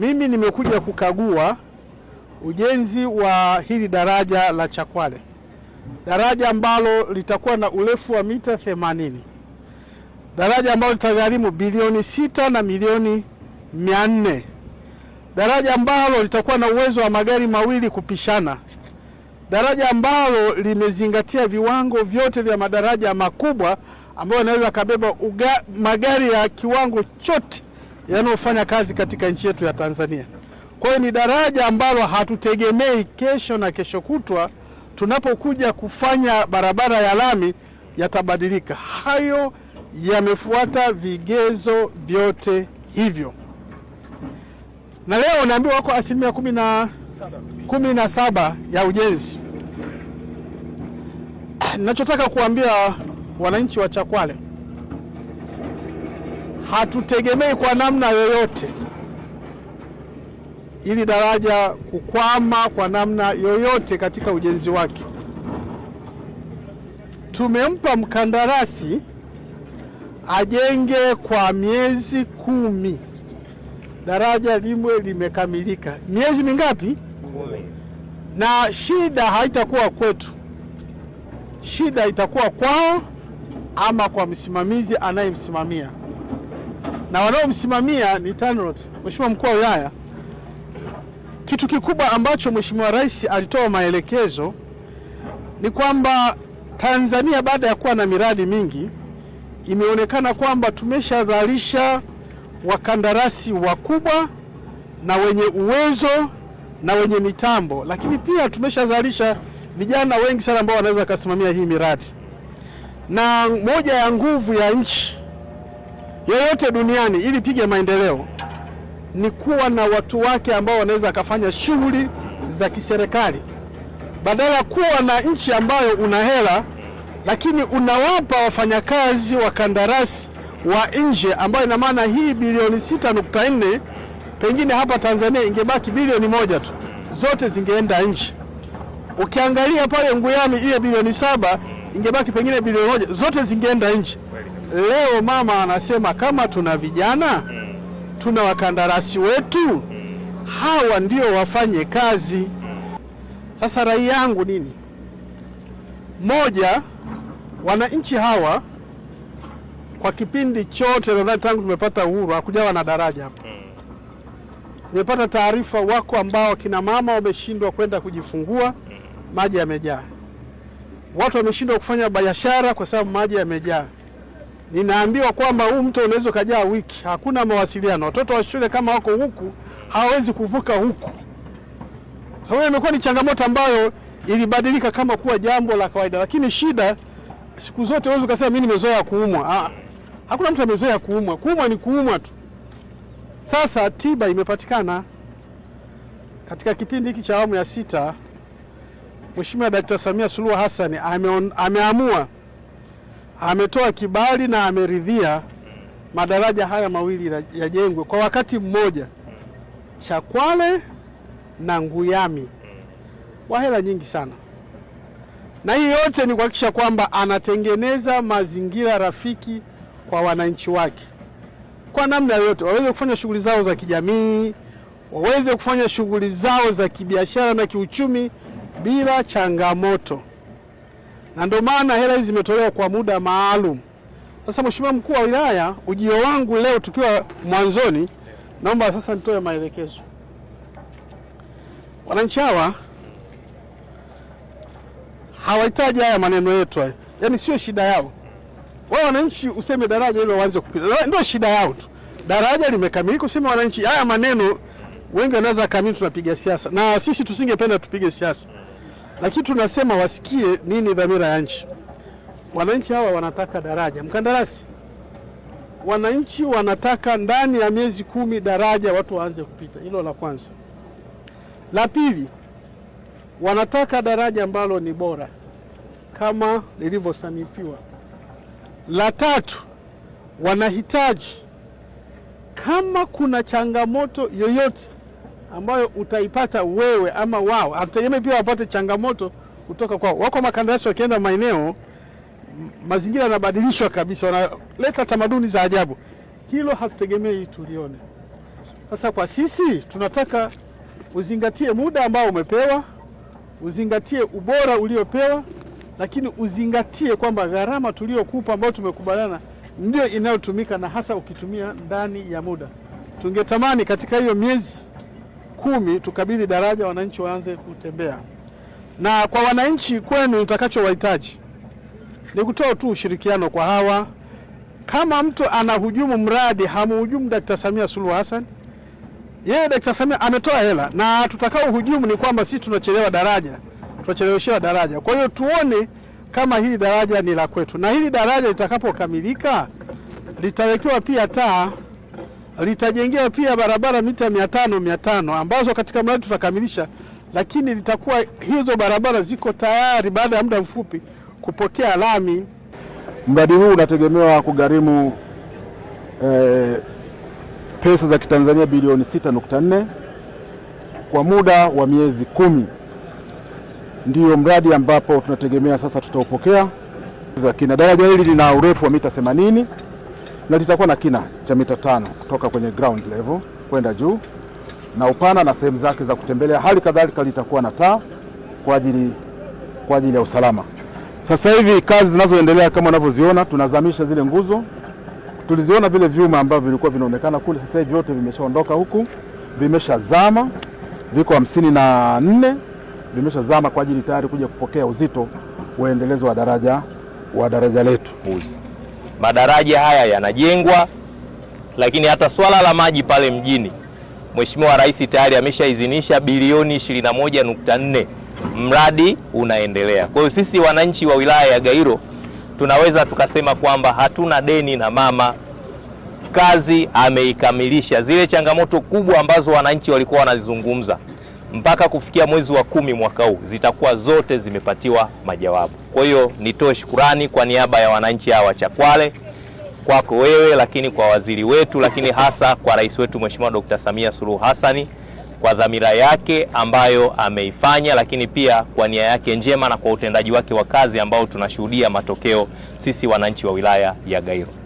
Mimi nimekuja kukagua ujenzi wa hili daraja la Chakwale, daraja ambalo litakuwa na urefu wa mita 80, daraja ambalo litagharimu bilioni sita na milioni mia nne, daraja ambalo litakuwa na uwezo wa magari mawili kupishana, daraja ambalo limezingatia viwango vyote vya madaraja makubwa ambayo yanaweza kabeba magari ya kiwango chote yanayofanya kazi katika nchi yetu ya Tanzania. Kwa hiyo ni daraja ambalo hatutegemei kesho na kesho kutwa tunapokuja kufanya barabara ya lami yatabadilika. Hayo yamefuata vigezo vyote hivyo, na leo naambiwa wako asilimia kumi na kumi na saba ya ujenzi. Ninachotaka kuambia wananchi wa Chakwale hatutegemei kwa namna yoyote ili daraja kukwama kwa namna yoyote katika ujenzi wake. Tumempa mkandarasi ajenge kwa miezi kumi, daraja limwe limekamilika. Miezi mingapi? Kumi. Na shida haitakuwa kwetu, shida itakuwa kwao ama kwa msimamizi anayemsimamia na wanaomsimamia ni TANROADS, Mheshimiwa mkuu wa wilaya. Kitu kikubwa ambacho Mheshimiwa Rais alitoa maelekezo ni kwamba Tanzania baada ya kuwa na miradi mingi imeonekana kwamba tumeshazalisha wakandarasi wakubwa na wenye uwezo na wenye mitambo, lakini pia tumeshazalisha vijana wengi sana ambao wanaweza wakasimamia hii miradi, na moja ya nguvu ya nchi yoyote duniani ili pige maendeleo ni kuwa na watu wake ambao wanaweza akafanya shughuli za kiserikali, badala ya kuwa na nchi ambayo una hela lakini unawapa wafanyakazi wa kandarasi wa nje, ambayo ina maana hii bilioni nukta nne pengine hapa Tanzania ingebaki bilioni moja tu, zote zingeenda nje. Ukiangalia pale Nguyami ile bilioni saba ingebaki pengine bilioni moja, zote zingeenda nje. Leo mama anasema kama tuna vijana hmm. tuna wakandarasi wetu, hmm. hawa ndio wafanye kazi. Hmm. Sasa rai yangu nini? Moja, wananchi hawa kwa kipindi chote nadhani tangu tumepata uhuru hakujawa na daraja hapa. Nimepata taarifa wako ambao kina mama wameshindwa kwenda kujifungua, maji yamejaa. Watu wameshindwa kufanya biashara kwa sababu maji yamejaa ninaambiwa kwamba huu mto unaweza ukajaa wiki, hakuna mawasiliano. Watoto wa shule kama wako huku hawawezi kuvuka huku. So, hiyo imekuwa ni changamoto ambayo ilibadilika kama kuwa jambo la kawaida, lakini shida siku zote huwezi ukasema mimi nimezoea kuumwa. Ah, hakuna mtu amezoea kuumwa. Kuumwa ni kuumwa tu. Sasa tiba imepatikana katika kipindi hiki cha awamu ya sita. Mheshimiwa Daktari Samia Suluhu Hassan ameamua ametoa kibali na ameridhia madaraja haya mawili yajengwe kwa wakati mmoja, Chakwale na Nguyami, wa hela nyingi sana, na hii yote ni kuhakikisha kwamba anatengeneza mazingira rafiki kwa wananchi wake kwa namna yoyote, waweze kufanya shughuli zao za kijamii, waweze kufanya shughuli zao za kibiashara na kiuchumi bila changamoto na ndio maana hela hizi zimetolewa kwa muda maalum. Sasa Mheshimiwa mkuu wa wilaya, ujio wangu leo tukiwa mwanzoni, naomba sasa nitoe maelekezo. Wananchi hawa hawahitaji haya maneno yetu haya, yaani sio shida yao wao. Wananchi useme daraja hilo waanze kupita, ndio shida yao tu. Daraja limekamilika, useme wananchi. Haya maneno wengi wanaweza kamili, tunapiga siasa, na sisi tusingependa tupige siasa lakini tunasema wasikie nini dhamira ya nchi. Wananchi hawa wanataka daraja, mkandarasi, wananchi wanataka ndani ya miezi kumi daraja watu waanze kupita. Hilo la kwanza. La pili, wanataka daraja ambalo ni bora kama lilivyosanifiwa. La tatu, wanahitaji kama kuna changamoto yoyote ambayo utaipata wewe ama wao. Hatutegemei pia wapate changamoto kutoka kwao. Wako makandarasi wakienda maeneo, mazingira yanabadilishwa kabisa, wanaleta tamaduni za ajabu. Hilo hatutegemei tulione. Sasa kwa sisi tunataka uzingatie muda ambao umepewa, uzingatie ubora uliopewa, lakini uzingatie kwamba gharama tuliokupa ambayo tumekubaliana ndio inayotumika na hasa ukitumia ndani ya muda. Tungetamani katika hiyo miezi kumi tukabidhi daraja, wananchi waanze kutembea. Na kwa wananchi kwenu, nitakachowahitaji ni kutoa tu ushirikiano kwa hawa. Kama mtu anahujumu mradi, hamuhujumu Dakta Samia Suluhu Hassan. Yeye Dakta Samia ametoa hela, na tutakao hujumu ni kwamba sisi tunachelewa daraja, tunacheleweshewa daraja. Kwa hiyo tuone kama hili daraja ni la kwetu, na hili daraja litakapokamilika litawekewa pia taa litajengewa pia barabara mita mia tano mia tano ambazo katika mradi tutakamilisha, lakini litakuwa hizo barabara ziko tayari baada ya muda mfupi kupokea lami. Mradi huu unategemewa kugharimu eh, pesa za Kitanzania bilioni 6.4 kwa muda wa miezi kumi. Ndiyo mradi ambapo tunategemea sasa tutaupokea. Kina daraja hili lina urefu wa mita 80 na litakuwa na kina cha mita tano kutoka kwenye ground level kwenda juu na upana na sehemu zake za kutembelea. Hali kadhalika litakuwa na taa kwa ajili, kwa ajili ya usalama. Sasa hivi kazi zinazoendelea kama unavyoziona, tunazamisha zile nguzo. Tuliziona vile vyuma ambavyo vilikuwa vinaonekana kule, sasa hivi vyote vimeshaondoka huku, vimeshazama, viko hamsini na nne vimeshazama kwa ajili tayari kuja kupokea uzito waendelezo wa daraja wa daraja letu madaraja haya yanajengwa, lakini hata swala la maji pale mjini, Mheshimiwa Rais tayari ameshaidhinisha bilioni 21.4, mradi unaendelea. Kwa hiyo sisi wananchi wa wilaya ya Gairo tunaweza tukasema kwamba hatuna deni na mama, kazi ameikamilisha. Zile changamoto kubwa ambazo wananchi walikuwa wanazizungumza mpaka kufikia mwezi wa kumi mwaka huu zitakuwa zote zimepatiwa majawabu. Kwa hiyo nitoe shukurani kwa niaba ya wananchi hawa wa Chakwale kwako wewe, lakini kwa waziri wetu, lakini hasa kwa rais wetu Mheshimiwa Dr. Samia Suluhu Hassani kwa dhamira yake ambayo ameifanya, lakini pia kwa nia yake njema na kwa utendaji wake wa kazi ambao tunashuhudia matokeo sisi wananchi wa wilaya ya Gairo.